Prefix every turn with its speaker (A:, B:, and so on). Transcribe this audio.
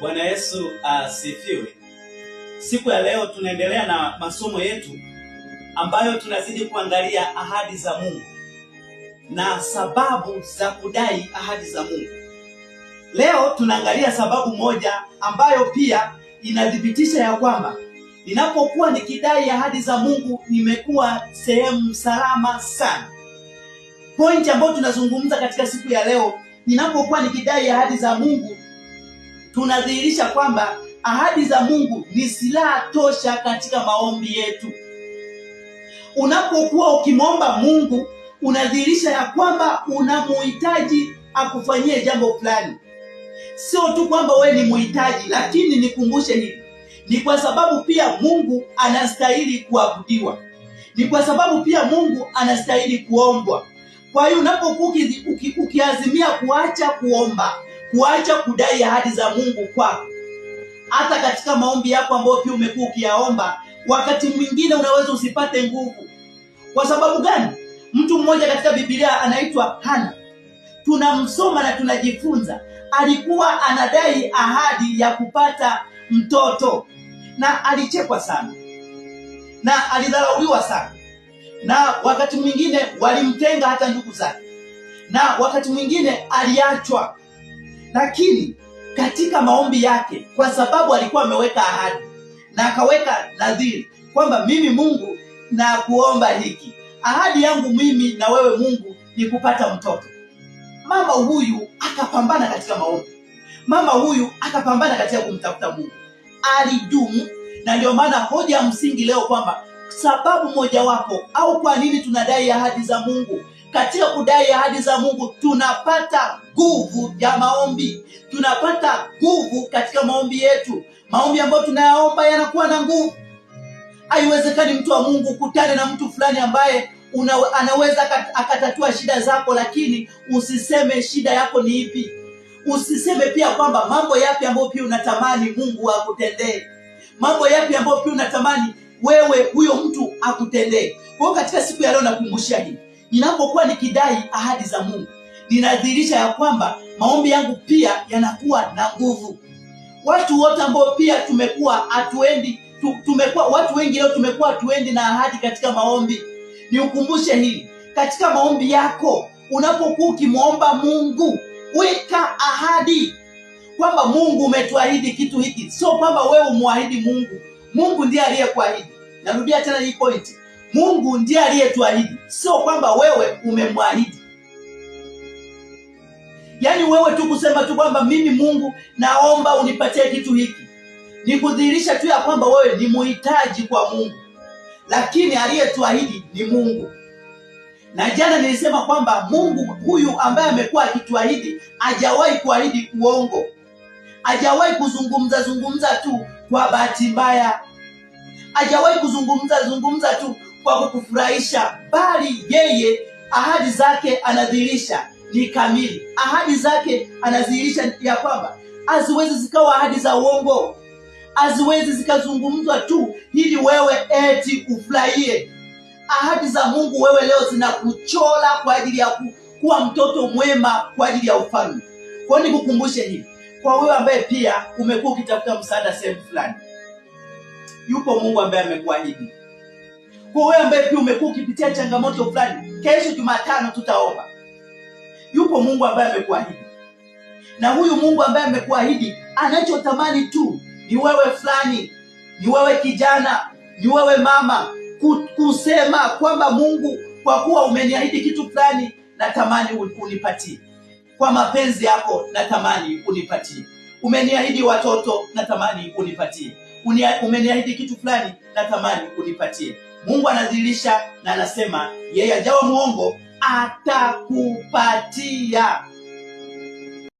A: Bwana Yesu asifiwe. siku ya leo tunaendelea na masomo yetu ambayo tunazidi kuangalia ahadi za Mungu na sababu za kudai ahadi za Mungu. Leo tunaangalia sababu moja ambayo pia inathibitisha ya kwamba ninapokuwa nikidai ahadi za Mungu nimekuwa sehemu salama sana. Pointi ambayo tunazungumza katika siku ya leo, ninapokuwa nikidai ahadi za Mungu tunadhihirisha kwamba ahadi za Mungu ni silaha tosha katika maombi yetu. Unapokuwa ukimwomba Mungu, unadhihirisha ya kwamba unamuhitaji akufanyie jambo fulani. Sio tu kwamba we ni muhitaji, lakini nikumbushe hivi, ni kwa sababu pia Mungu anastahili kuabudiwa, ni kwa sababu pia Mungu anastahili kuombwa. Kwa hiyo unapokuwa ukiazimia kuacha kuomba kuacha kudai ahadi za Mungu kwako. Hata katika maombi yako ambayo pia umekuwa ukiyaomba, wakati mwingine unaweza usipate nguvu. Kwa sababu gani? Mtu mmoja katika Biblia anaitwa Hana, tunamsoma na tunajifunza, alikuwa anadai ahadi ya kupata mtoto na alichekwa sana na alidharauliwa sana, na wakati mwingine walimtenga hata ndugu zake, na wakati mwingine aliachwa lakini katika maombi yake, kwa sababu alikuwa ameweka ahadi na akaweka nadhiri kwamba mimi Mungu na kuomba hiki, ahadi yangu mimi na wewe Mungu ni kupata mtoto. Mama huyu akapambana katika maombi, mama huyu akapambana katika kumtafuta Mungu, alidumu. Na ndio maana hoja ya msingi leo kwamba sababu mojawapo au kwa nini tunadai ahadi za Mungu katika kudai ahadi za Mungu tunapata nguvu ya maombi, tunapata nguvu katika maombi yetu. Maombi ambayo tunayaomba yanakuwa na nguvu. Haiwezekani mtu wa Mungu kutane na mtu fulani ambaye una, anaweza akatatua shida zako, lakini usiseme shida yako ni ipi. Usiseme pia kwamba mambo yapi ambayo pia unatamani Mungu akutendee, mambo yapi ambayo pia unatamani wewe huyo mtu akutendee. Kwa katika siku ya leo nakumbushia hii Ninapokuwa nikidai ahadi za Mungu, ninadhihirisha ya kwamba maombi yangu pia yanakuwa na nguvu. Watu wote ambao pia tumekuwa hatuendi tumekuwa watu wengi leo tumekuwa hatuendi na ahadi katika maombi, niukumbushe hili katika maombi yako. Unapokuwa ukimwomba Mungu, weka ahadi kwamba Mungu umetuahidi kitu hiki, sio kwamba wewe umwahidi Mungu. Mungu ndiye aliyekuahidi. Narudia tena hii point. Mungu ndiye aliyetuahidi, sio kwamba wewe umemwahidi. Yaani wewe tu kusema tu kwamba mimi Mungu naomba unipatie kitu hiki ni kudhihirisha tu ya kwamba wewe ni muhitaji kwa Mungu, lakini aliyetuahidi ni Mungu. Na jana nilisema kwamba Mungu huyu ambaye amekuwa akituahidi hajawahi kuahidi uongo, hajawahi kuzungumza zungumza tu kwa bahati mbaya, hajawahi kuzungumza zungumza tu kwa kukufurahisha, bali yeye ahadi zake anadhihirisha ni kamili. Ahadi zake anadhihirisha ya kwamba haziwezi zikawa ahadi za uongo, haziwezi zikazungumzwa tu ili wewe eti ufurahie. Ahadi za Mungu wewe leo zinakuchola kwa ajili ya kuwa mtoto mwema kwa ajili ya ufalme. Kwa hiyo nikukumbushe hivi, kwa wewe ambaye pia umekuwa ukitafuta msaada sehemu fulani, yupo Mungu ambaye amekuahidi kwa wewe ambaye pia umekuwa ukipitia changamoto fulani, kesho Jumatano tutaomba. Yupo Mungu ambaye amekuahidi, na huyu Mungu ambaye amekuahidi anachotamani tu ni wewe fulani, ni wewe kijana, ni wewe mama, kusema kwamba Mungu, kwa kuwa umeniahidi kitu fulani, natamani unipatie kwa mapenzi yako, natamani unipatie. Umeniahidi watoto, natamani unipatie. Umeniahidi kitu fulani, natamani unipatie. Mungu anadhihirisha na anasema yeye ajawa mwongo atakupatia